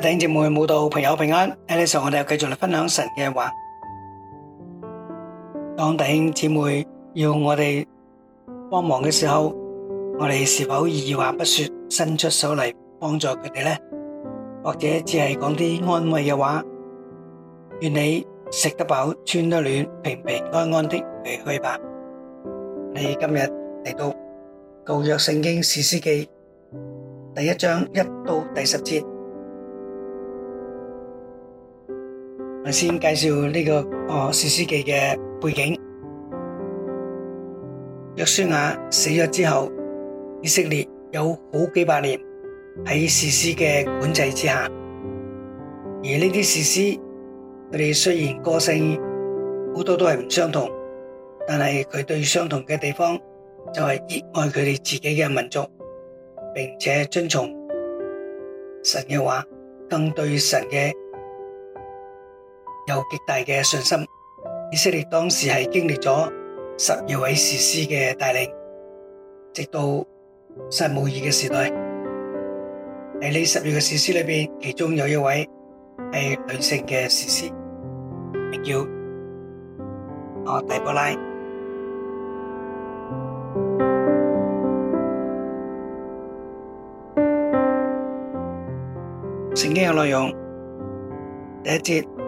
弟兄姊妹，慕道朋友平安，喺呢集，我哋繼續嚟分享神嘅話。當弟兄姊妹要我哋幫忙嘅時候，我哋是否二話不說，伸出手嚟幫助佢哋呢？或者只係講啲安慰嘅話？願你食得飽，穿得暖，平平安安的去去吧。你今日嚟到舊約聖經士師記第一章一到第十節。先介紹呢個哦，士師記嘅背景。約書亞死咗之後，以色列有好幾百年喺士師嘅管制之下。而呢啲士師，佢哋雖然個性好多都係唔相同，但係佢對相同嘅地方就係熱愛佢哋自己嘅民族，並且遵從神嘅話，更對神嘅。有極大嘅信心，以色列當時係經歷咗十二位士師嘅帶領，直到撒母耳嘅時代。喺呢十二個士師裏邊，其中有一位係女性嘅士師，名叫阿底波拉。聖經嘅內容，第一節。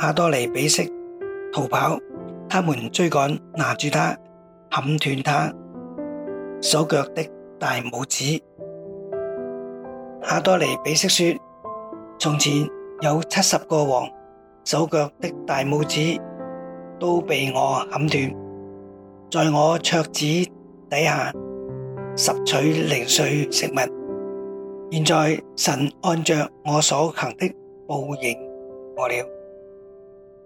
亞多尼比色逃跑，他們追趕，拿住他，砍斷他手腳的大拇指。亞多尼比色說：從前有七十個王，手腳的大拇指都被我砍斷，在我桌子底下拾取零碎食物。現在神按着我所行的報應我了。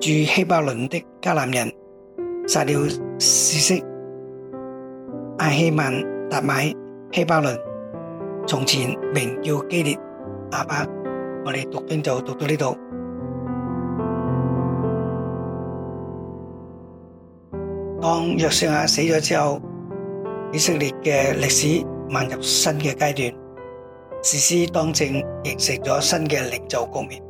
住希伯倫的迦南人殺了示篩、亞希幔、撻買、希伯倫。從前名叫基列亞巴。我哋讀經就讀到呢度。當約書亞死咗之後，以色列嘅歷史邁入新嘅階段。士師當政，形成咗新嘅領袖局面。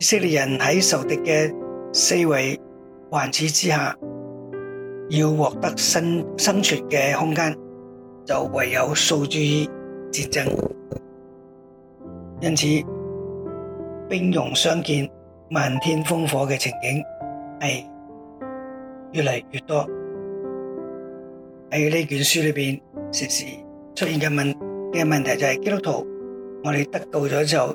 以色列人喺受敵嘅四圍環伺之下，要獲得生，生存嘅空間，就唯有訴諸於戰爭。因此，兵戎相見、漫天烽火嘅情景係越嚟越多。喺呢卷書裏面，時時出現嘅問，問題就係基督徒，我哋得到咗之後。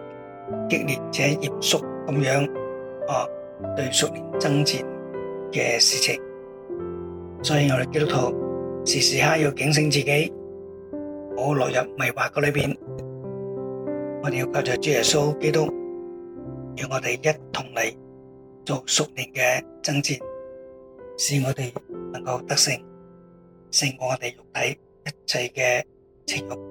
激烈且嚴肅咁樣，啊，對屬靈爭戰嘅事情，所以我哋基督徒時時刻刻要警醒自己，我落入迷惑嗰裏面，我哋要靠住主耶穌基督，讓我哋一同嚟做屬靈嘅爭戰，使我哋能夠得勝，勝過我哋肉體一切嘅情慾。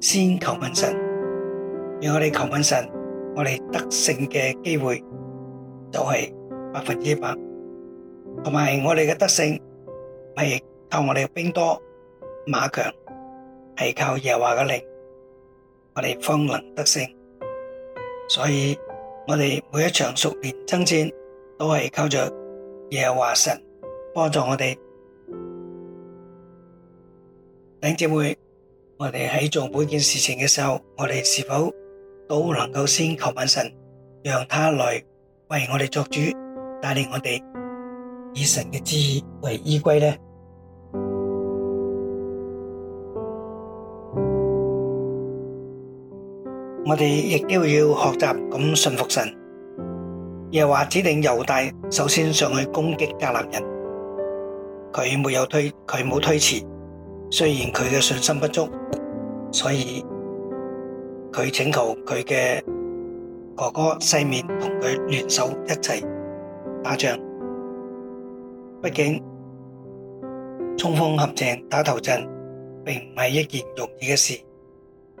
先求問神，如果我哋求問神，我哋得勝嘅機會就係百分之一百。同埋我哋嘅得勝唔係靠我哋嘅兵多馬強，係靠耶和華嘅力，我哋方能得勝。所以我哋每一場熟練爭戰，都係靠著耶和華神幫助我哋。頂住會。我哋喺做每件事情嘅時候，我哋是否都能夠先求問神，讓他來為我哋作主，帶領我哋以神嘅旨意為依歸呢？ 我哋亦都要學習咁順服神，耶和華指定猶大首先上去攻擊迦南人，佢沒有推，佢冇推遲。雖然佢嘅信心不足，所以佢請求佢嘅哥哥西面同佢聯手一齊打仗。畢竟衝鋒陷陣打頭陣，並唔係一件容易嘅事。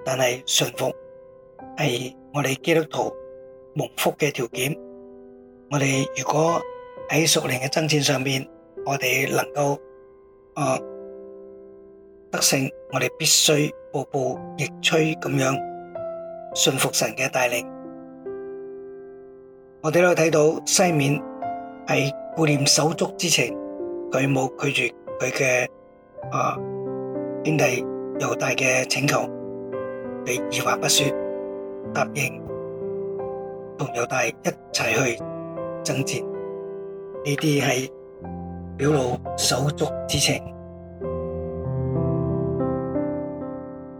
但係順服係我哋基督徒蒙福嘅條件。我哋如果喺屬靈嘅爭戰上面，我哋能夠，誒、呃。得勝，我哋必須步步亦趨咁樣信服神嘅帶領。我哋都睇到西緬係顧念手足之情，佢冇拒絕佢嘅啊兄弟猶大嘅請求，佢二話不說，答應同猶大一齊去征戰。呢啲係表露手足之情。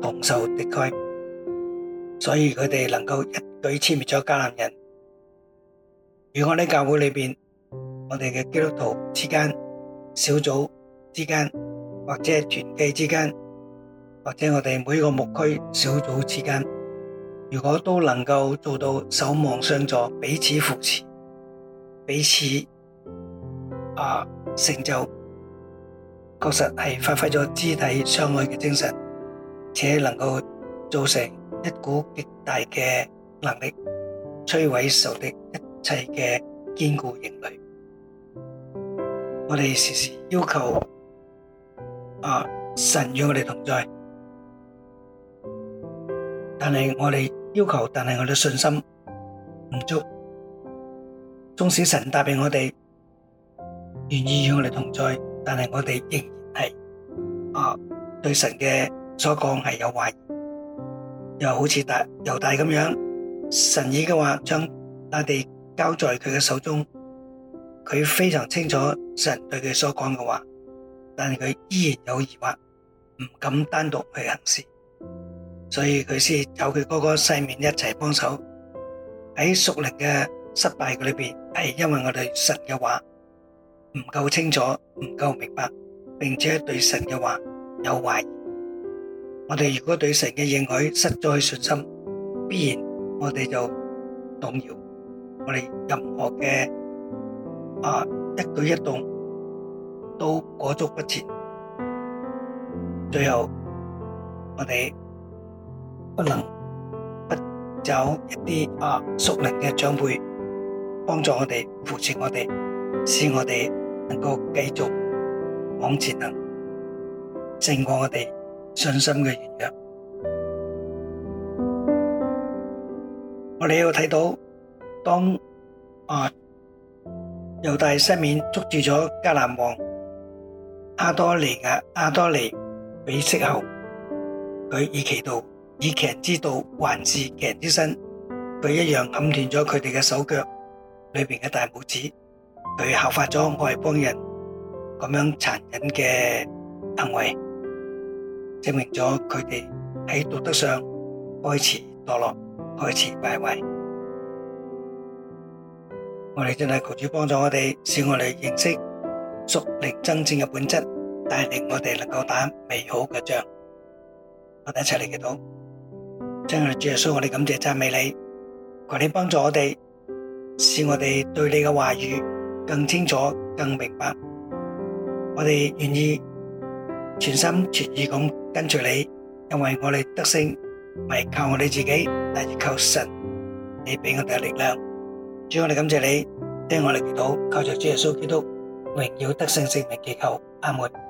同仇敵愾，所以佢哋能夠一舉殲滅咗迦南人。如果喺教會裏面，我哋嘅基督徒之間、小組之間、或者團契之間，或者我哋每個牧區小組之間，如果都能夠做到守望相助、彼此扶持、彼此啊成就，確實係發揮咗肢體相愛嘅精神。且能夠造成一股極大嘅能力，摧毀仇敵一切嘅堅固人類。我哋時時要求啊，神與我哋同在，但係我哋要求，但係我哋信心唔足。縱使神答應我哋願意與我哋同在，但係我哋仍然係啊，對神嘅。所講係有懷疑，又好似大猶大咁樣。神已經嘅話將大地交在佢嘅手中，佢非常清楚神對佢所講嘅話，但係佢依然有疑惑，唔敢單獨去行事，所以佢先有佢哥哥西面一齊幫手。喺屬靈嘅失敗嘅裏邊，係因為我哋神嘅話唔夠清楚，唔夠明白，並且對神嘅話有懷疑。我哋如果對神嘅應許失去信心，必然我哋就動搖，我哋任何嘅啊一舉一動都裹足不前。最後我哋不能不找一啲啊熟能嘅長輩幫助我哋扶持我哋，使我哋能夠繼續往前行勝過我哋。信心嘅原因，我哋要睇到，當啊猶大西緬捉住咗迦南王阿多尼亞阿多尼比色後，佢以其道，以其人之道，還治其人之身，佢一樣砍斷咗佢哋嘅手腳裏面嘅大拇指，佢效法咗外邦人咁樣殘忍嘅行為。證明咗佢哋喺道德上開始墮落，開始敗壞。我哋真係求主幫助我哋，使我哋認識屬靈征戰嘅本質，帶領我哋能夠打美好嘅仗。我哋一齊嚟祈禱，真係主耶穌，我哋感謝讚美你，求你幫助我哋，使我哋對你嘅話語更清楚、更明白。我哋願意全心全意咁。跟住你，因為我哋得勝，唔係靠我哋自己，但係靠神。你俾我哋力量，主，我哋感謝你。聽我哋祈禱，靠着主耶穌基督，榮耀得勝，聖名祈求。阿門。